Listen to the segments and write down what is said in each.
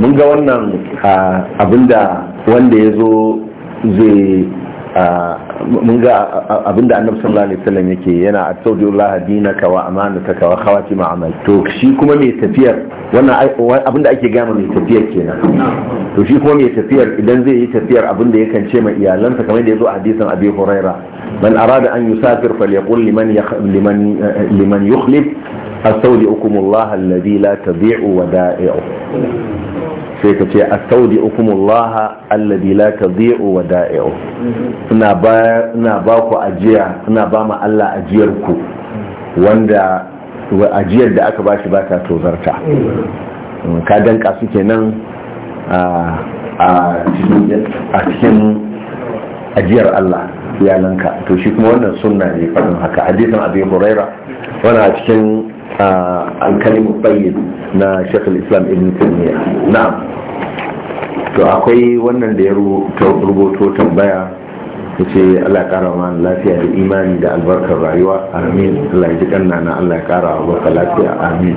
mun ga wannan ah, abinda wanda ya zo zai mun ga abinda annabi sallallahu alaihi wasallam yake yana atawdullah dinaka wa amanataka wa khawatima amal to shi kuma mai tafiyar wannan abinda ake gama mai tafiyar kenan to shi kuma mai tafiyar idan zai yi tafiyar abinda yakan ce ma iyalansa kamar da yazo a hadisin abi huraira man arada an yusafir falyaqul liman liman liman yukhlif astawdi'ukum allah alladhi la tadhi'u wada'i'u sai ka ce astaudi ukumullaha alladi la ka wada'i'u wa ba ina ba ku ajiya ina ba ma Allah ajiyarku. wanda ajiyar da aka bashi ba ta tozarta ka danka su kenan a cikin ajiyar Allah iyalanka to shi kuma wannan sunna ne faɗin haka hadisin abi huraira wani a cikin alkalimu tsayin na shekul islam ibn taymiya na'am to akwai wannan da ya rubuto tambaya ya ce allah ya kara mana lafiya da imani da albarkar rayuwa amin allah ya ji kanna na allah ya kara maka lafiya amin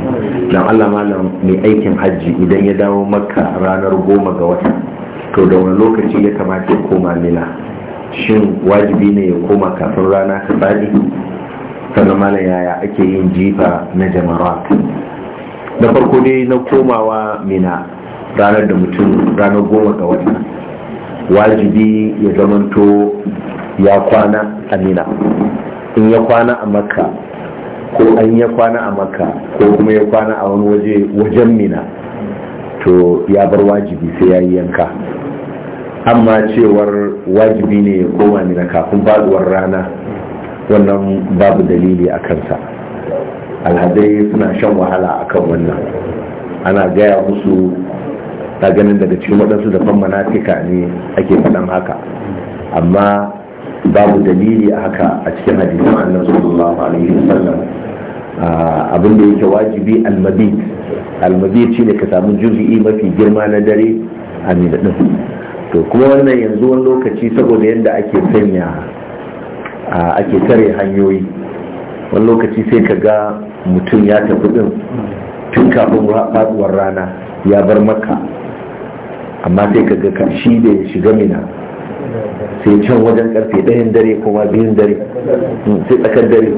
dan allah malam mai aikin hajji idan ya dawo maka ranar goma ga wata to da wani lokaci ya kamata ya koma mina shin wajibi ne ya koma kafin rana ka faɗi sannan mana yaya ake yin jifa na jamarat na farko ne na komawa mina ranar da mutum ranar goma ga wata wajibi ya zamanto ya kwana a mina in ya kwana a makka ko an ya kwana a makka ko kuma ya kwana a wani waje wajen mina to ya bar wajibi sai ya yi yanka amma cewar wajibi ne ya koma mina kafin faduwar rana wannan babu dalili a kansa alhazai suna shan wahala a kan wannan ana gaya musu ta ganin daga cikin waɗansu da manatika ne ake faɗan haka amma babu dalili a haka a cikin hadisin annabi sallallahu alaihi wasallam abin da yake wajibi almabit almabit shine ka samu juzi'i mafi girma na dare a ne to kuma wannan yanzu wani lokaci saboda yadda ake sanya ake tare hanyoyi wani lokaci sai ka ga mutum ya tafi din tun kafin faduwar rana ya bar maka amma sai ka ga kashi da ya shiga mina sai can wajen karfe ɗayan dare kuma biyun dare hmm, sai tsakar dare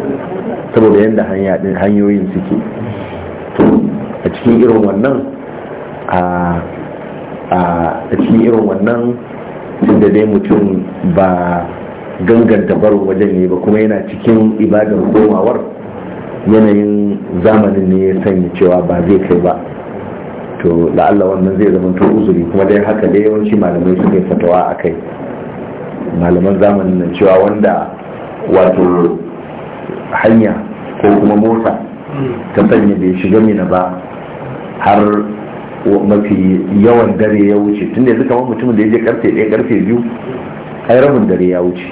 saboda yadda hanyoyin suke a cikin irin wannan a cikin irin wannan tun da dai mutum ba ganganta barin wajen ne ba kuma yana cikin ibadar komawar yanayin zamanin ne ya sanya cewa ba zai kai ba to la'alla wannan zai zama to uzuri kuma dai haka dai yawanci malamai suke fatawa a kai malaman zamanin nan cewa wanda wato hanya ko kuma mota ta sanya bai shiga mina ba har mafi yawan dare ya wuce tunda yanzu kamar mutumin da ya je karfe ɗaya karfe biyu ai rabin dare ya wuce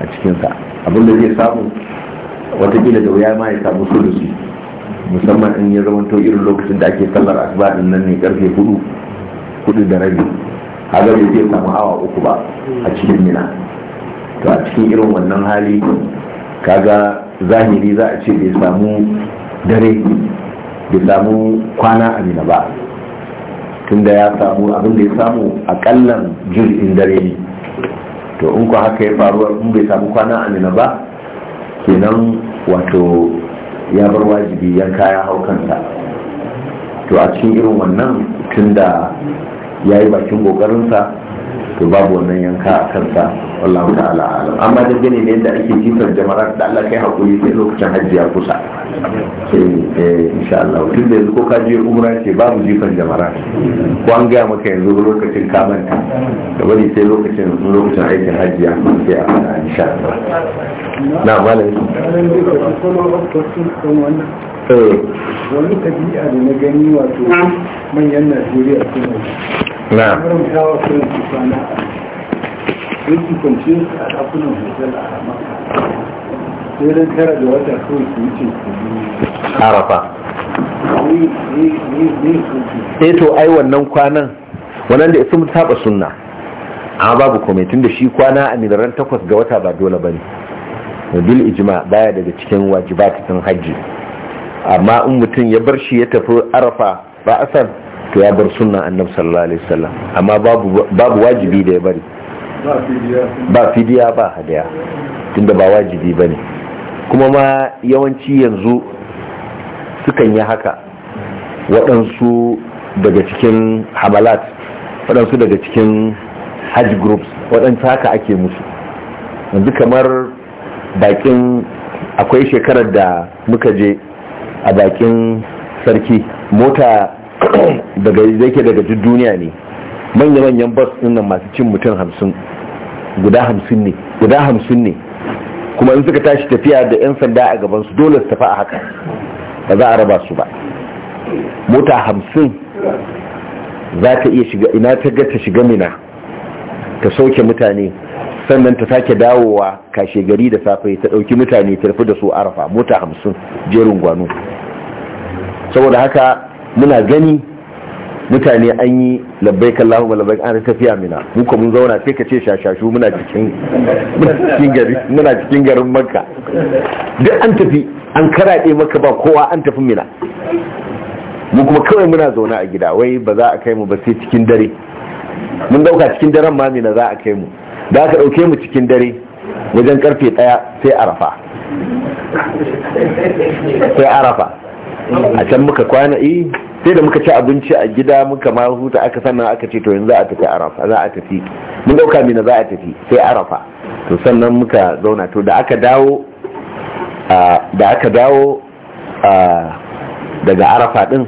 a cikinsa abinda zai samu watakila da wuya ma ya samu sulusi musamman in ya zama zamanto irin lokacin da ake sallar asuba din nan ne karfe hudu hudu da rabi haka bai zai samu awa uku ba a cikin mina to a cikin irin wannan hali kaga zahiri za a ce bai samu dare bai samu kwana a mina ba tunda ya samu abin da ya samu akallan jirgin dare ne to in ku haka ya faru in bai samu kwana amina ba kenan wato ya bar wajibi yanka ya hau kansa to a cikin irin wannan tunda ya yi bakin kokarinsa to babu wannan yanka a kansa wallahu ta'ala alam amma da gane ne da ake jifar jama'ar da Allah kai hakuri sai lokacin hajji ya kusa sai eh, insha Allah tun da ko ka je umra ce babu jifar jama'ar ko an gaya maka yanzu lokacin ka da bari sai lokacin lokacin aikin hajji ya kusa a insha Allah na eh wani tabi'a da na gani wato manyan Najeriya suna na na yake kwanciyar su a ɗakunan hotel a hamaka sai don tara da wata kawai su wuce su arafa eh to ai wannan kwanan wannan da sun saba sunna amma babu kwamitin da shi kwana a miliran takwas ga wata ba dole ba ne bil ijma baya daga cikin wajibat din hajji amma in mutum ya bar shi ya tafi arafa ba asar to ya bar sunna annabi sallallahu alaihi wasallam amma babu babu wajibi da ya bari ba fidiya ba hadaya tunda ba wajibi ba ne kuma ma yawanci yanzu sukan yi haka waɗansu daga cikin hamalat waɗansu daga cikin hajj groups waɗansu haka ake musu yanzu kamar bakin akwai shekarar da muka je a bakin sarki mota daga yake daga duk duniya ne manya-manyan bus ɗin masu cin mutum hamsin guda hamsin ne guda hamsin ne kuma in suka tashi tafiya da 'yan sanda a gabansu dole su tafi a haka ba za a raba su ba mota hamsin za ta iya shiga ina ta ga ta shiga mina ta sauke mutane sannan ta sake dawowa kashe gari da safe ta ɗauki mutane ta rufe da su arafa mota hamsin jerin gwano saboda haka muna gani mutane an yi labbaik ma labbai an tafiya mina mu mun zauna sai ka ce shashashu muna cikin gari muna cikin garin Makka duk an tafi an karaɗe maka ba kowa an tafi mina mu kuma kawai muna zauna a gida wai ba za a kai mu ba sai cikin dare mun dauka cikin daren ma mina za a kai mu da aka dauke mu cikin dare wajen karfe daya sai arafa sai arafa a can muka kwana eh sai da muka ci abinci a gida muka ma huta aka sannan aka ce to yanzu za a tafi arafa za a tafi mun dauka mina za a tafi sai arafa to sannan muka zauna to da aka dawo da aka dawo daga arafa din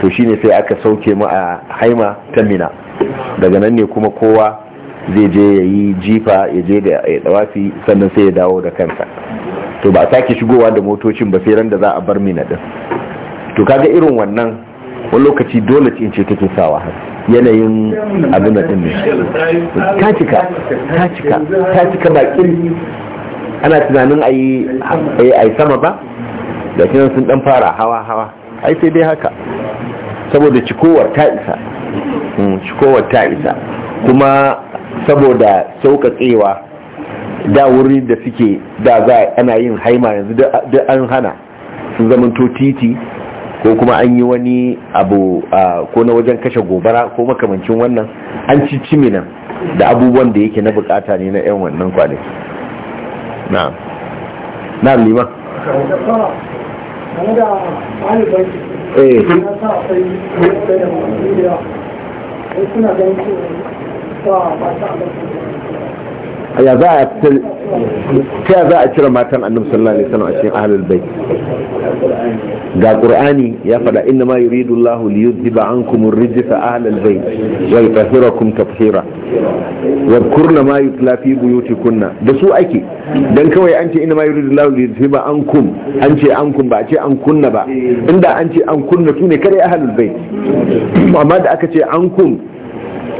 to shine sai aka sauke mu a haima ta mina daga nan ne kuma kowa zai je ya yi jifa ya je da ya dawafi sannan sai ya dawo da kansa to ba a sake shigowa da motocin ba sai ran da za a bar mina din to kaga irin wannan wani lokaci dole ce ce kake sawa yanayin abin da ɗin ta cika ta cika ta cika bakin ana tunanin a yi sama ba da kinan sun ɗan fara hawa hawa ai sai dai haka saboda cikowar ta isa hmm, cikowar ta isa kuma saboda sauƙaƙewa da wuri da suke da za ana yin haima yanzu da an hana sun zamanto titi ko kuma an yi wani abu ko na wajen kashe gobara ko makamancin wannan an ci ciminan da abubuwan da yake na bukata ne na 'yan wannan kwale. na na liman eh ya za a ta za a cire matan annabi sallallahu alaihi wasallam a cikin ahlul bait ga qur'ani ya faɗa inna ma yuridu Allahu li yudhiba ankum ar-rijsa ahlal bait wa yutahhirakum tatheera wa kurna ma yutla fi buyutikunna da su ake dan kawai an ce inna ma yuridu Allahu li yudhiba ankum an ce ankum ba a ce an kunna ba inda an ce an kunna sune kare ahlul bait amma da aka ce ankum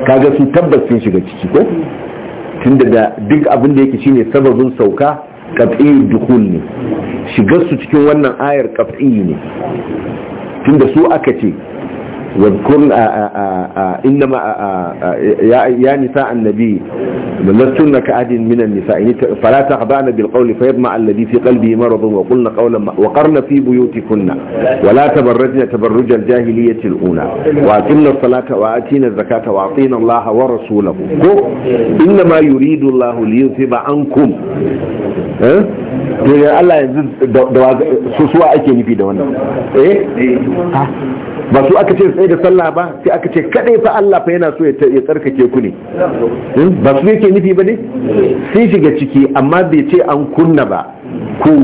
kaga su tabbas sun shiga ciki ko tunda da duk abin da yake shine sababin sauka qat'i dukhul ne shigar su cikin wannan ayar qat'i ne tunda su aka ce واذكرن آه، آه، آه، انما يا نساء النبي لستن كأحد من النساء يعني فلا تخضعن بالقول فيطمع الذي في قلبه مرض وقلن قولا وقرن في بيوتكن ولا تبرجن تبرج الجاهلية الأولى وأتمن الصلاة وآتينا الزكاة وأعطينا الله ورسوله إنما يريد الله ليذهب عنكم ها يا الله يزيد سوسوا أكي نفيد وانا إيه؟, إيه ها؟ بس أكتر tsaye da sallah ba sai aka ce kadai fa Allah fa yana so ya tsarkake ku ne hmm? ba su yake nufi ba ne sai shiga ciki amma bai ce an kunna ba ku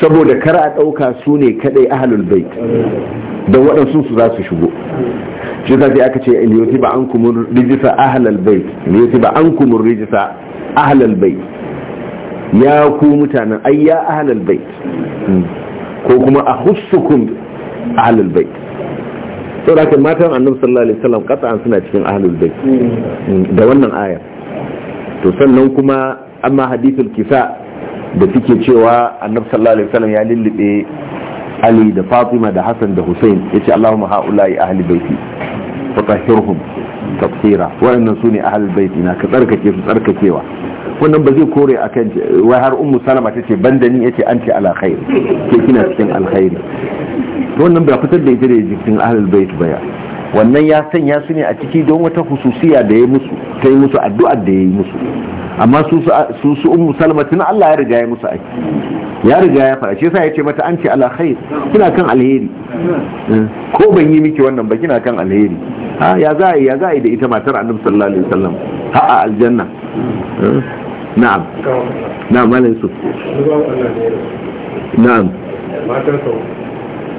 saboda kar a ɗauka su ne kadai ahlul bait don waɗansu su za su shigo shi su aka ce yuti ba an kumur rijisa ahlul bait yuti ba an kumur rijisa ahlul bait ya ku mutanen ayya ya bait hmm? ko kuma a hussukum ahlal bait saboda ke matan annabi sallallahu alaihi wasallam an suna cikin ahlul bait da wannan ayar to sannan kuma amma hadithul kisa da suke cewa annabi sallallahu alaihi wasallam ya lillibe Ali da Fatima da Hassan da Hussein yace Allahumma haula'i ahli baiti fatahhirhum tafsira inna sune ahlul baiti na ka tsarkake su tsarkakewa wannan ba zai kore akan wai har ummu salama tace bandani ni yace anti ala khair ke kina cikin alkhairi wannan ba fitar da ita da jikin ahlul bait baya wannan ya sanya su ne a ciki don wata hususiya da ya musu ta yi musu addu'ar da ya yi musu amma su su ummu salma tun Allah ya riga ya musu aiki ya riga ya fara shi yasa ya ce mata an ce ala khair kina kan alheri eh, ko ban yi miki wannan ba kina kan alheri ha ya za ya za da ita matar annabi sallallahu alaihi wasallam ha a aljanna eh, na'am na'am malam su na'am matar sau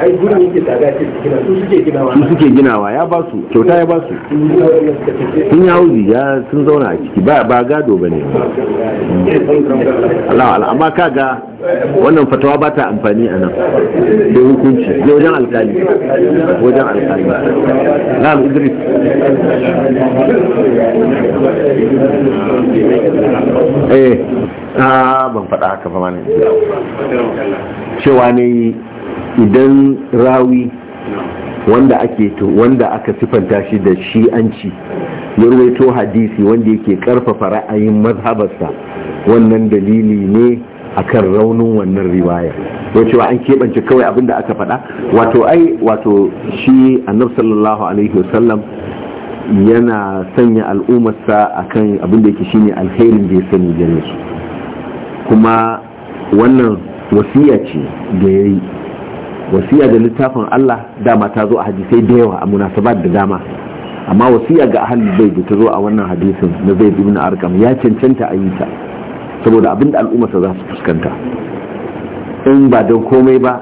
ai gurin yake tsada ce gina su suke ginawa su suke ginawa ya ba su kyauta ya ba su sun ya wuzi ya sun zauna a ciki ba gado ba ne amma amma kaga wannan fatawa ba ta amfani a nan da hukunci ne wajen alkali wajen alkali na idris eh a ah, ban faɗa haka ba ne cewa ne idan rawi wanda ake to wanda aka sifanta shi da shi'anci ya ruwaito hadisi wanda yake karfafa ra'ayin mazhabarsa wannan dalili ne akan raunin wannan riwaya wace an keɓance kawai abin da aka faɗa wato ai wato shi annab sallallahu alaihi wasallam yana sanya al'ummarsa akan abin da yake shine alherin da ya sani gare su kuma wannan wasiya ce da ya yi wasiya da littafin Allah dama ta zo a hadisai da yawa a munasabat da dama amma wasiya ga ahli bayt ta zo a wannan hadisin na Zaid ibn Arqam ya cancanta a yi ta saboda abin da al'umma za su fuskanta in ba don komai ba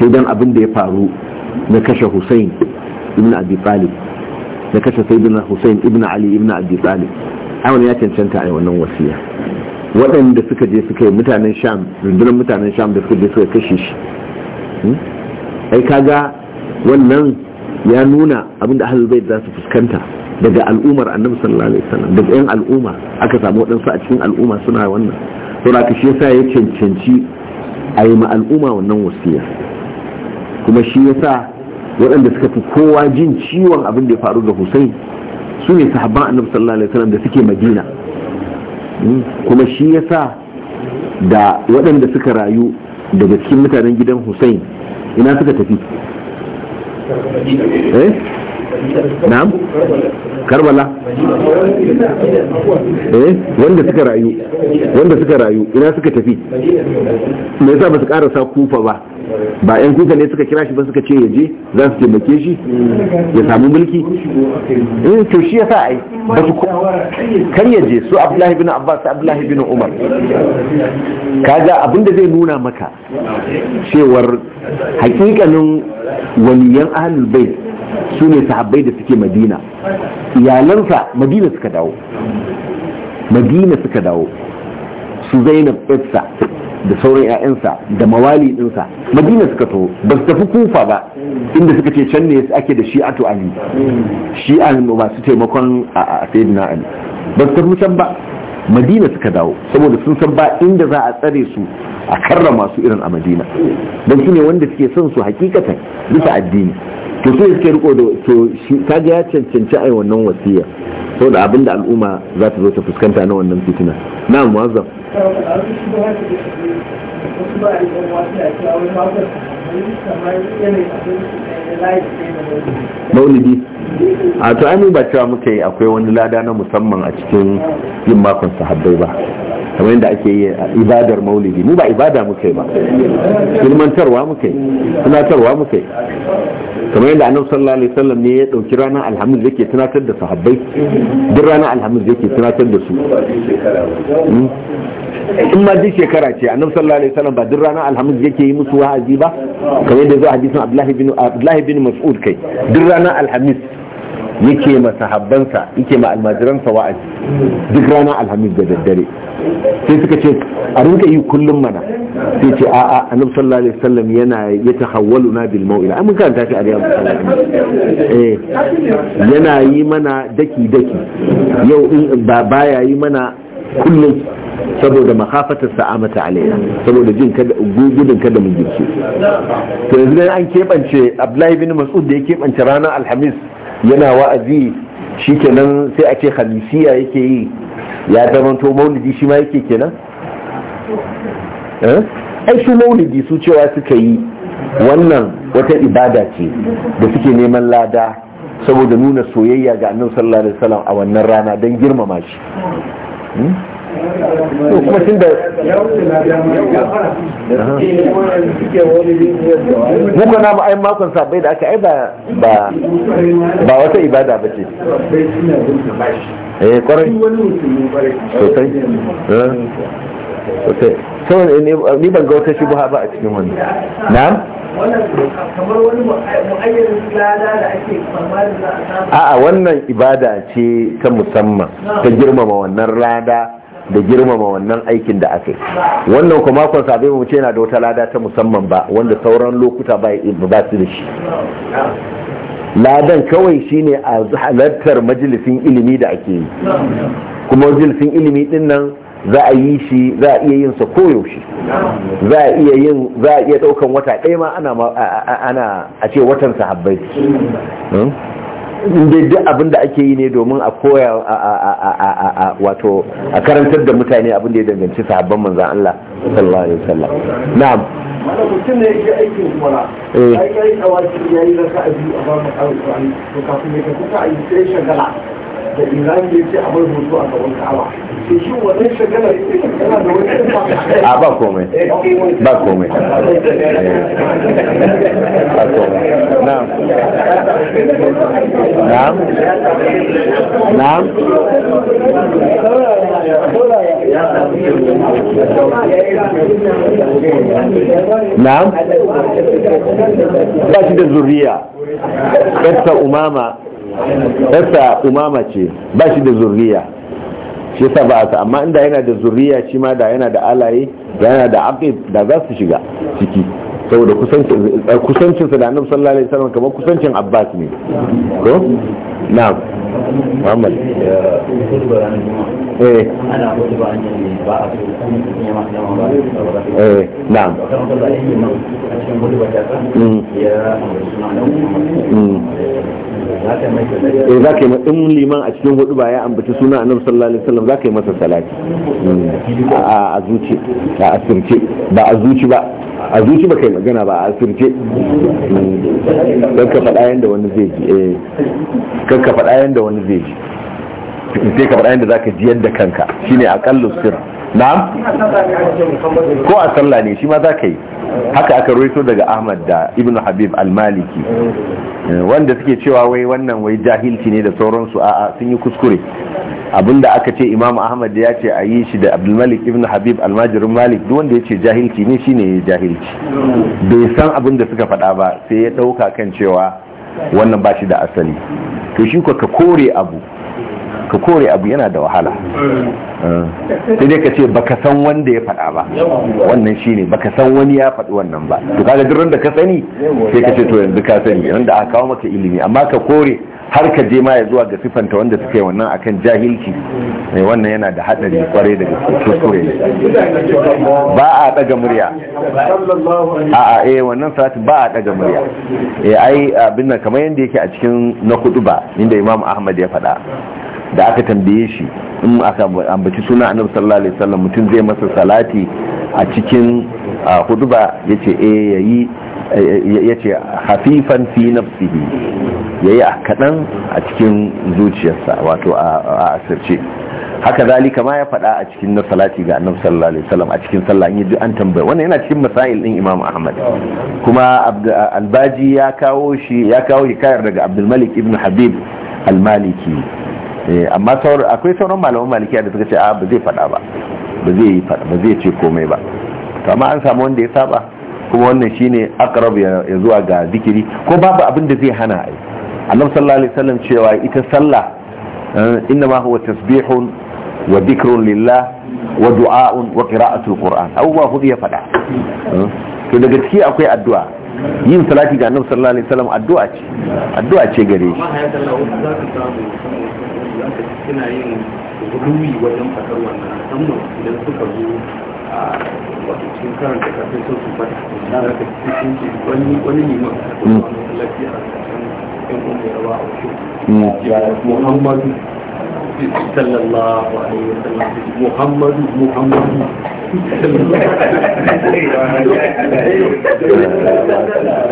sai don abin da ya faru na kashe Hussein ibn Abi Talib da kashe Sayyidina Hussein ibn Ali ibn Abi Talib ai wannan ya cancanta a wannan wasiya waɗanda suka je suka yi mutanen Sham rundunar mutanen Sham da suka je suka kashe shi hmm? ai kaga wannan ya nuna abinda ahlul bait za su fuskanta daga al'ummar annabi sallallahu alaihi wasallam daga yan al'umma aka samu wadansu a cikin al'umma suna wannan saboda ka shi yasa ya cancanci a yi ma al'umma wannan wasiya kuma shi yasa waɗanda suka fi kowa jin ciwon abin da ya faru da Hussein su ne sahabban annabi sallallahu alaihi wasallam da suke Madina hmm? kuma shi yasa da waɗanda suka rayu daga cikin mutanen gidan Hussein ina suka tafi eh na'am karbala eh wanda suka rayu wanda suka rayu ina suka tafi me yasa ba su karasa kufa ba ba yan kuka ne suka kira shi ba suka ce ya je za su taimake shi ya samu mulki in eh, to shi yasa ai ba su kan ya je su Abdullahi bin Abbas Abdullahi bin Umar kaga abinda zai nuna maka cewar hakikanin waliyan ahlul bait su ne sahabbai da suke Madina iyalansa Madina suka dawo Madina suka dawo su Zainab Ibsa da sauran 'ya'yansa da mawali ɗinsa madina suka to ba su tafi kufa ba inda suka ce can ne ake da shi'atu ali shi'a masu taimakon a sayyidina ali ba su tafi can ba madina suka dawo saboda sun san ba inda za a tsare su a karrama su irin a madina don ne wanda suke son su hakikatan bisa addini to sai suke riko da to ga ya cancanci ai wannan wasiya saboda abinda al'umma za ta zo ta fuskanta na wannan fitina na muwazzam maulidi a to ai ba cewa muka yi akwai wani lada na musamman a cikin yin makon sahabbai ba kamar yadda ake yi ibadar maulidi mu ba ibada muka yi ba ilmantarwa muka yi tunatarwa muka yi kamar yadda annabi sallallahu alaihi wasallam ne ya dauki ranar alhamis yake tunatar da sahabbai duk ranar alhamis yake tunatar da su hmm? in ma duk shekara ce annabi sallallahu alaihi wasallam ba duk ranar alhamis yake yi musu wa'azi ba kamar yadda zuwa hadisin abdullahi bin abdullahi bin mas'ud kai duk ranar alhamis yake ma sahabbansa yake ma almajiransa wa'azi duk rana alhamis da daddare sai suka ce a rinka yi kullum mana sai ce a a annabi sallallahu alaihi wasallam yana ya tahawwalu na bil mau'ila an mun ta ce a riyadu eh yana yi mana daki daki yau in ba baya yi mana kullum saboda makafatar sa'amata alaiya saboda jin kada gudun kada mun girke to yanzu an keɓance abdullahi bin mas'ud da ya keɓance ranar alhamis yana wa'azi shi kenan sai a ce khalisiya yake yi ya zamanto maulidi shi ma yake kenan eh? ai su maulidi su cewa suka yi wannan wata ibada ce da suke neman lada saboda nuna soyayya ga annabi sallallahu alaihi wasallam a wannan rana don girmama shi hmm? to kuma tun da muka makon da aka ai ba ba wata ibada ba ce eh, ni ban ga wata ba a cikin wani na'am a wannan ibada ce ta musamman ta girmama wannan rada. da girmama wannan aikin da aka yi wannan kuma makon sabai mu ce yana da wata lada ta musamman ba wanda sauran lokuta ba ba su da shi ladan kawai shine a halartar majalisin ilimi da ake yi kuma majalisin ilimi din nan za a yi shi za a iya yin sa koyaushe za a iya yin za a iya daukan wata ɗaya ma ana ana a ce watan sahabbai hmm? inda duk abin da ake yi ne domin a koya wato a karantar da mutane abin da ya danganci sahabban manzan Allah sallallahu alaihi wasallam na'am mana mutum ne yake aikin kwana eh. ai kai tsawaci yayi zaka a biyu a ba mu kawo to kafin ya tafi ta ayi sai shagala da iran ne ce a bar hoto a gaban ka'aba a ba ba ba na'am da zuriya umama umama ce ba shi da zuriya shi yasa ba ta amma inda yana da zuriya shi ma da yana da alaye da yana da aqib da za su shiga ciki saboda kusancin eh, kusancin sa da Annabi sallallahu alaihi wasallam kamar kusancin Abbas ne ko na'am Muhammad eh ba a za ka yi eh, in liman a cikin hudu ba ya ambaci suna annabi sallallahu alaihi wasallam za ka yi masa salati mm. a zuci a asirce ba a zuci ba a zuci ba kai magana ba a asirce don mm. ka ka yadda wani zai ji eh. sai ka faɗa yadda za ka jiyar da kanka shine aƙallu sir na'am ko a sallah ne shi ma za yi haka aka roito daga ahmad da ibn habib al-maliki eh, wanda suke cewa wai wannan wai jahilci ne da sauransu a'a sun yi kuskure abinda aka ce imam ahmad ya ce a yi shi da abdulmalik ibn habib almajirin malik duk wanda ya ce jahilci ne shine ya jahilci bai san abin da suka faɗa ba sai ya ɗauka kan cewa wannan ba shi da asali to shi ka kore abu ka kore abu yana da wahala eh, sai dai ka ce baka san wanda ya faɗa ba wannan shine baka san wani ya faɗi wannan ba to kaga duk da ka sani sai ka ce to yanzu ka sani wanda aka kawo maka ilimi amma ka kore har ka je ma ya zuwa ga sifanta wanda suke wannan akan jahilci mai eh, wannan yana da hadari kware daga kuskure ne ba a daga murya a a eh wannan sati ba a daga murya eh ai abin nan kamar yanda yake a cikin na kudu ba inda imam ahmad ya faɗa da aka tambaye shi in aka ambaci suna annabi sallallahu alaihi wasallam mutum zai masa salati a cikin huduba yace eh yayi yace hafifan fi nafsihi yayi kadan a cikin zuciyarsa wato a asirce haka zalika ma ya faɗa a cikin na salati ga annabi sallallahu alaihi wasallam a cikin sallah in yi an tambaya wannan yana cikin masail din Imam Ahmad kuma Albaji ya kawo shi ya kawo hikayar daga Abdul Malik ibn Habib al-Maliki Eh, amma akwai sauran malamin maliki da suka ce a ah, ba zai faɗa ba ba zai yi faɗa ba zai ce komai ba amma an samu wanda ya saba kuma wannan shine akrab ya zuwa ga zikiri ko babu abin da zai hana ai Allah sallallahu alaihi wasallam cewa ita sallah eh, inna ma huwa tasbihun wa dhikrun lillah wa du'a'un wa qira'atul qur'an abubuwa hudu ya faɗa eh, to daga ciki akwai addu'a yin salati ga annabi sallallahu alaihi wasallam addu'a ce addu'a ce gare shi aka ci suna yin ruwi wajen faɗar wannan musamman idan suka zo a wato cikin karanta kafin sun su fata cikin wani wani a cikin mm. lafiya a cikin yan ya rawa a wasu mm. muhammadu sallallahu alaihi muhammadu muhammadu sallallahu alaihi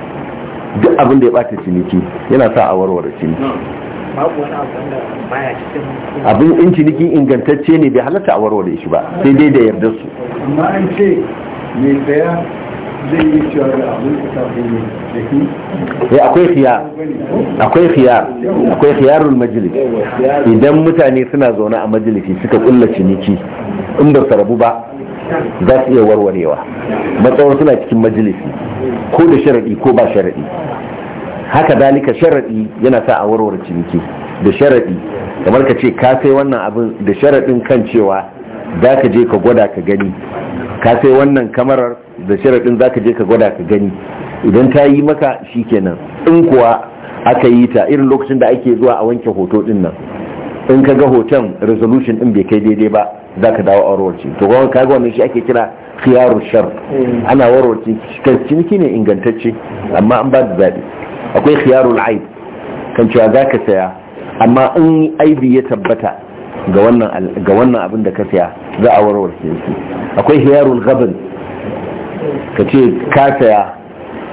duk abin da ya bata ciniki yana sa a warware ciniki abin in ciniki ingantacce ne bai halatta a warware shi ba sai dai da yardar su Eh, akwai khiyar akwai khiyar akwai khiyarul majalis idan mutane suna zaune a majalisi suka kulla ciniki in ba su rabu ba za su iya warwarewa matsawar suna cikin majalisi ko da sharaɗi ko ba sharaɗi haka dalika sharaɗi yana sa a warware ciniki da sharaɗi kamar ka ce ka sai wannan abin da sharaɗin kan cewa za ka je ka gwada ka gani ka sai wannan kamarar da sharaɗin za ka je ka gwada ka gani idan ta yi maka shi kenan in kuwa aka yi ta irin lokacin da ake zuwa a wanke hoto ɗin nan in ka ga hoton resolution ɗin bai kai daidai ba za ka dawo a warwarci to kuma ka ga wannan shi ake kira khiyaru shar ana warwarci kan ciniki ne ingantacce amma an ba da zaɓi akwai khiyarul aib kan cewa za ka saya amma in aibi ya tabbata ga wannan abin da ka saya za a warwarce akwai khiyarul al'abin ka ce ka saya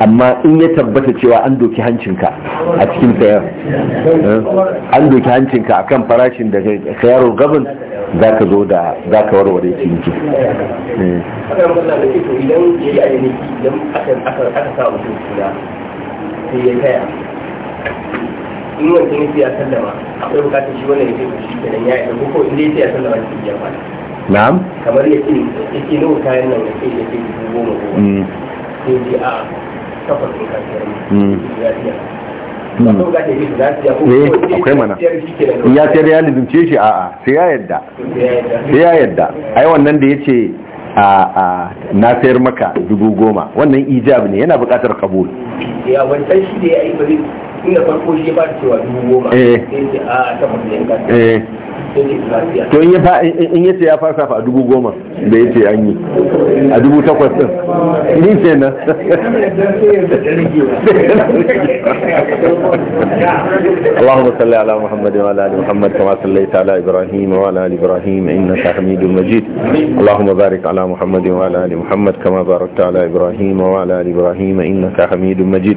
amma in ya tabbata cewa an doki hancinka a cikin sayar eh, an doki hancinka a kan farashin da ka yaro gabin za ka zo da za ka warware cikin ciniki in wancan ya sallama akwai bukatar shi wannan ya ce shi kenan ya yi ko in dai ya sallama shi ya fara na'am kamar ya ce ya ce kayan nan da ce yake ce dubu goma goma hmm. sai ji a kafar sun kasiyar ya siya hmm. eh, akwai mana ya ce realism ce shi a'a sai ya yadda sai ya yadda ai wannan da ya ce a na sayar maka dubu goma wannan ijab ne yana bukatar kabul ya wancan shi da ya yi bari inda farko shi ba da cewa dubu goma eh. sai a takwas ne to in yace ya fasa fa a dubu goma da yace an yi a dubu takwas din ni ce nan اللهم صل على محمد وعلى ال محمد كما صليت على ابراهيم وعلى ال ابراهيم انك حميد مجيد اللهم بارك على محمد وعلى ال محمد كما باركت على ابراهيم وعلى ال ابراهيم انك حميد مجيد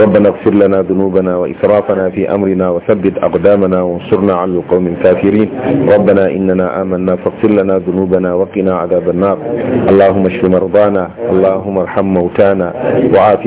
ربنا اغفر لنا ذنوبنا واسرافنا في امرنا وثبت اقدامنا وانصرنا على القوم الكافرين الكافرين ربنا إننا آمنا فاغفر لنا ذنوبنا وقنا عذاب النار اللهم اشف مرضانا اللهم ارحم موتانا وعاف